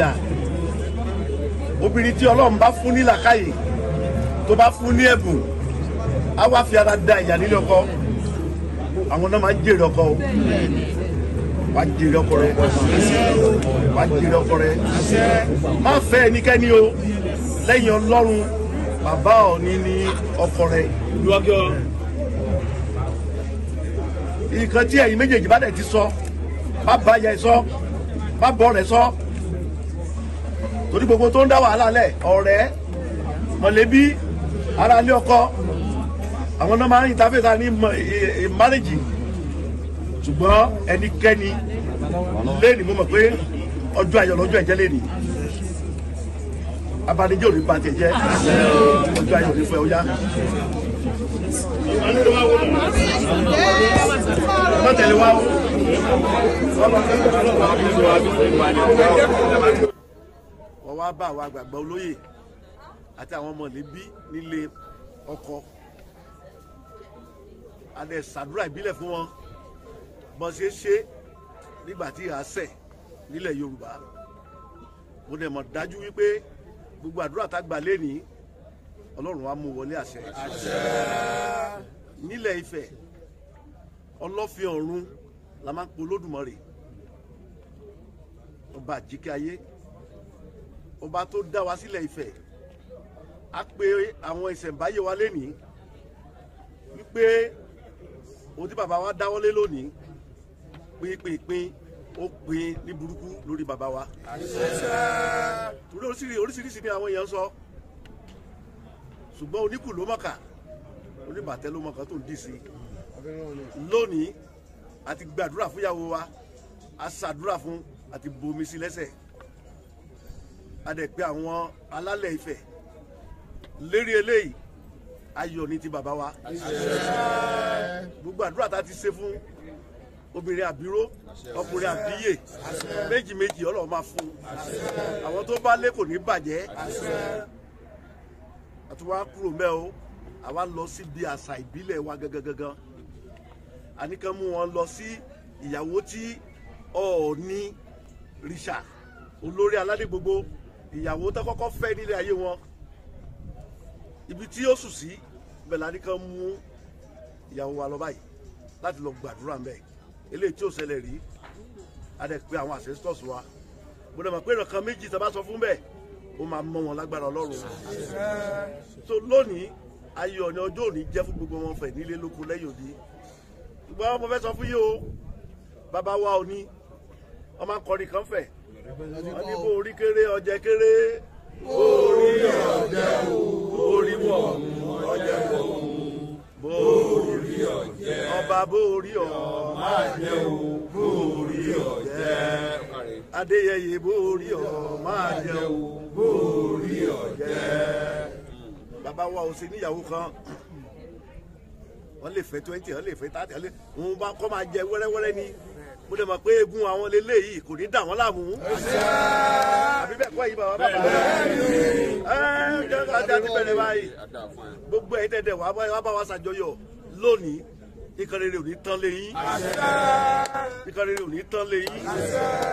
ìyá obìnrin tí ọlọ́run bá fún ní làkàyè tó bá fún ní ẹ̀bùn á wá fi ara da ìyá nílé ọkọ àwọn náà máa ń jèrè ọkọ o wàá jèrè ọkọ rẹ wàá jèrè ọkọ rẹ má fẹ́ ẹnikẹ́ni o lẹ́yìn ọlọ́run bàbá ọ̀ní ní ọkọ rẹ nǹkan tí ẹ̀yin méjèèjì bá dẹ̀ ti sọ bá bá yẹ sọ bá bọ̀ rẹ̀ sọ torí gbogbo tó ń dá wàhálà lẹ̀ ọ̀rẹ́ mọ̀lẹ́bí aráalé ọkọ àwọn náà máa ń ìtafẹ́ta ní márèjì ṣùgbọ́n ẹnikẹ́ni lẹ́ni mo mọ̀ pé ọjọ́ ayọ̀ lọ́jọ́ ẹ̀jẹ̀ lẹ́ni abanijẹ́ ò ní ba tiẹ̀ jẹ́ ọjọ́ ayọ̀ ní fẹ́ ọ yá. Mọ̀tẹ̀lẹ̀ o wá bá àwọn àgbààgbà olóyè àti àwọn ọmọ níbí nílé ọkọ adẹ ṣàdúrà ìbílẹ̀ fún wọn bọ́n ṣe ṣe nígbà tí ìhà sẹ̀ nílẹ̀ Yorùbá mo dẹ̀ mọ̀ dájú wípé gbogbo àdúrà tá a gbà lẹ́nìí Ọlọ́run wa mú wọlé àṣẹ nílẹ̀ Ifẹ̀ ọlọ́fin ọ̀run la máa ń pe Olódùmarè ọba àjíkẹ́ ayé ọba tó dá wa sílẹ̀ Ifẹ̀ a pe àwọn ìṣẹ̀ǹbáyé wa lénìí wípé ohun tí bàbá wa dáwọ́lé lónìí pínpínpín ó pín ní burúkú lórí bàbá wa. torí oríṣiríṣi ni àwọn èèyàn sọ ṣùgbọ́n oníkù ló mọ̀kà oníbàtẹ́ ló mọ̀kà tó ń dì sí lónìí a ti gbàdúrà fún ìyàwó wa a ṣàdúrà fún àti bomi sí lẹ́sẹ̀ adẹ̀pẹ́ àwọn alálẹ̀ Ifẹ̀ lérí eléyìí ayọ̀ ní ti bàbá wa gbogbo àdúrà tá a ti ṣe fún obìnrin àbíró ọkùnrin àbíyè méjì méjì Ọlọ́run máa fún àwọn tó bá lé kò ní bàjẹ́ àtúwá kúrò mẹ́ o àwa lọ síbi àṣà ìbílẹ̀ wa gangan àníkan mú wọn lọ sí ìyàwó tí Ọọ̀ni rìṣà olórí aládé gbogbo ìyàwó tó kọ́kọ́ fẹ́ nílé ayé wọn ibi tí ó sùn sí bẹ̀lá ní kan mú ìyàwó wa lọ báyìí láti lọ gbàdúrà ń bẹ̀ eléyìí tí ò ṣẹlẹ̀ rí adẹ pé àwọn ancestors wa mo dẹ̀ mọ̀ pé ìrọ̀kan méjì tá bá sọ fún bẹ́ẹ̀ ó máa mọ wọn lágbára ọlọ́run so lónìí ayé ọ̀nà ọjọ́ òní jẹ́ fún gbogbo wọn fẹ̀ nílé lóko lẹ́yìn òní ìgbà wọn mo fẹ́ sọ fún yìí o bàbá wa òní ọmọ akọrin kan fẹ̀ wọ́n ní bó orí kéré ọjẹ́ kéré. bó orí ọjẹ́ o orí wọ̀ ọjẹ́ wọ̀ bó ọjẹ́ ọba bó orí ọ̀ jẹ́ o bó ọjẹ́ adéyẹyẹ bó orí ọ̀ jẹ́ o bó ọjẹ́. bàbá wa ò sí níyàwó kan wọ́n lè fẹ́ twenty wọ́n lè fẹ́ thirty wọ́n lè wọ́n bá kọ́ máa jẹ wẹ́rẹ́wẹ́rẹ́ ni mo dẹ̀ mọ̀ pé egun àwọn lélẹ̀ yìí kò ní dà wọ́n láàmú. àbí bẹ́ẹ̀ kọ́ yìí bàbá bàbá. ẹ jẹ́ ká ti bẹ̀rẹ̀ báyìí gbogbo ẹ̀yin tẹ̀tẹ̀ wàá bá wa ṣàjọyọ̀ lónìí ìkan ò ní tán lé yín ò ní tán lé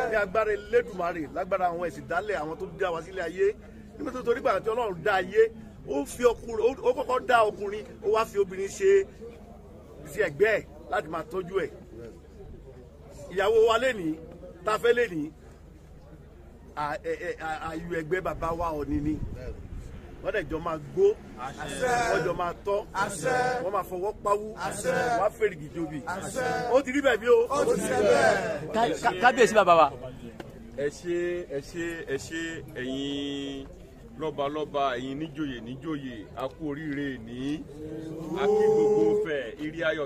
ní agbára Elédùmarè lágbára àwọn ẹ̀sìn dálẹ̀ àwọn tó dá wa sílé ayé nígbà torí gbàgbọ́ tí Ọlọ́run dá ayé ó kọ́kọ́ dá ọkùnrin ó wá fi obìnrin ṣe ẹgbẹ́ láti máa tọ́jú ẹ̀ ìyàwó wa lẹ́nìí tá a fẹ́ lẹ́nìí àyù ẹgbẹ́ bàbá wa Ọọ̀ni ni wọ́n dẹ̀ jọ máa gbó wọ́n jọ máa tọ́ wọ́n máa fọwọ́ pawú wọ́n á fèrègì jobi ó ti rí bẹ́ẹ̀ bí o. kábíyèsí bàbá wa. ẹ ṣe ẹ ṣe ẹ ṣe ẹ̀yin lọ́balọ́ba ẹ̀yin níjòyè níjòyè a kú oríire ní a kí gbogbo fẹ̀ ìrí ayọ̀.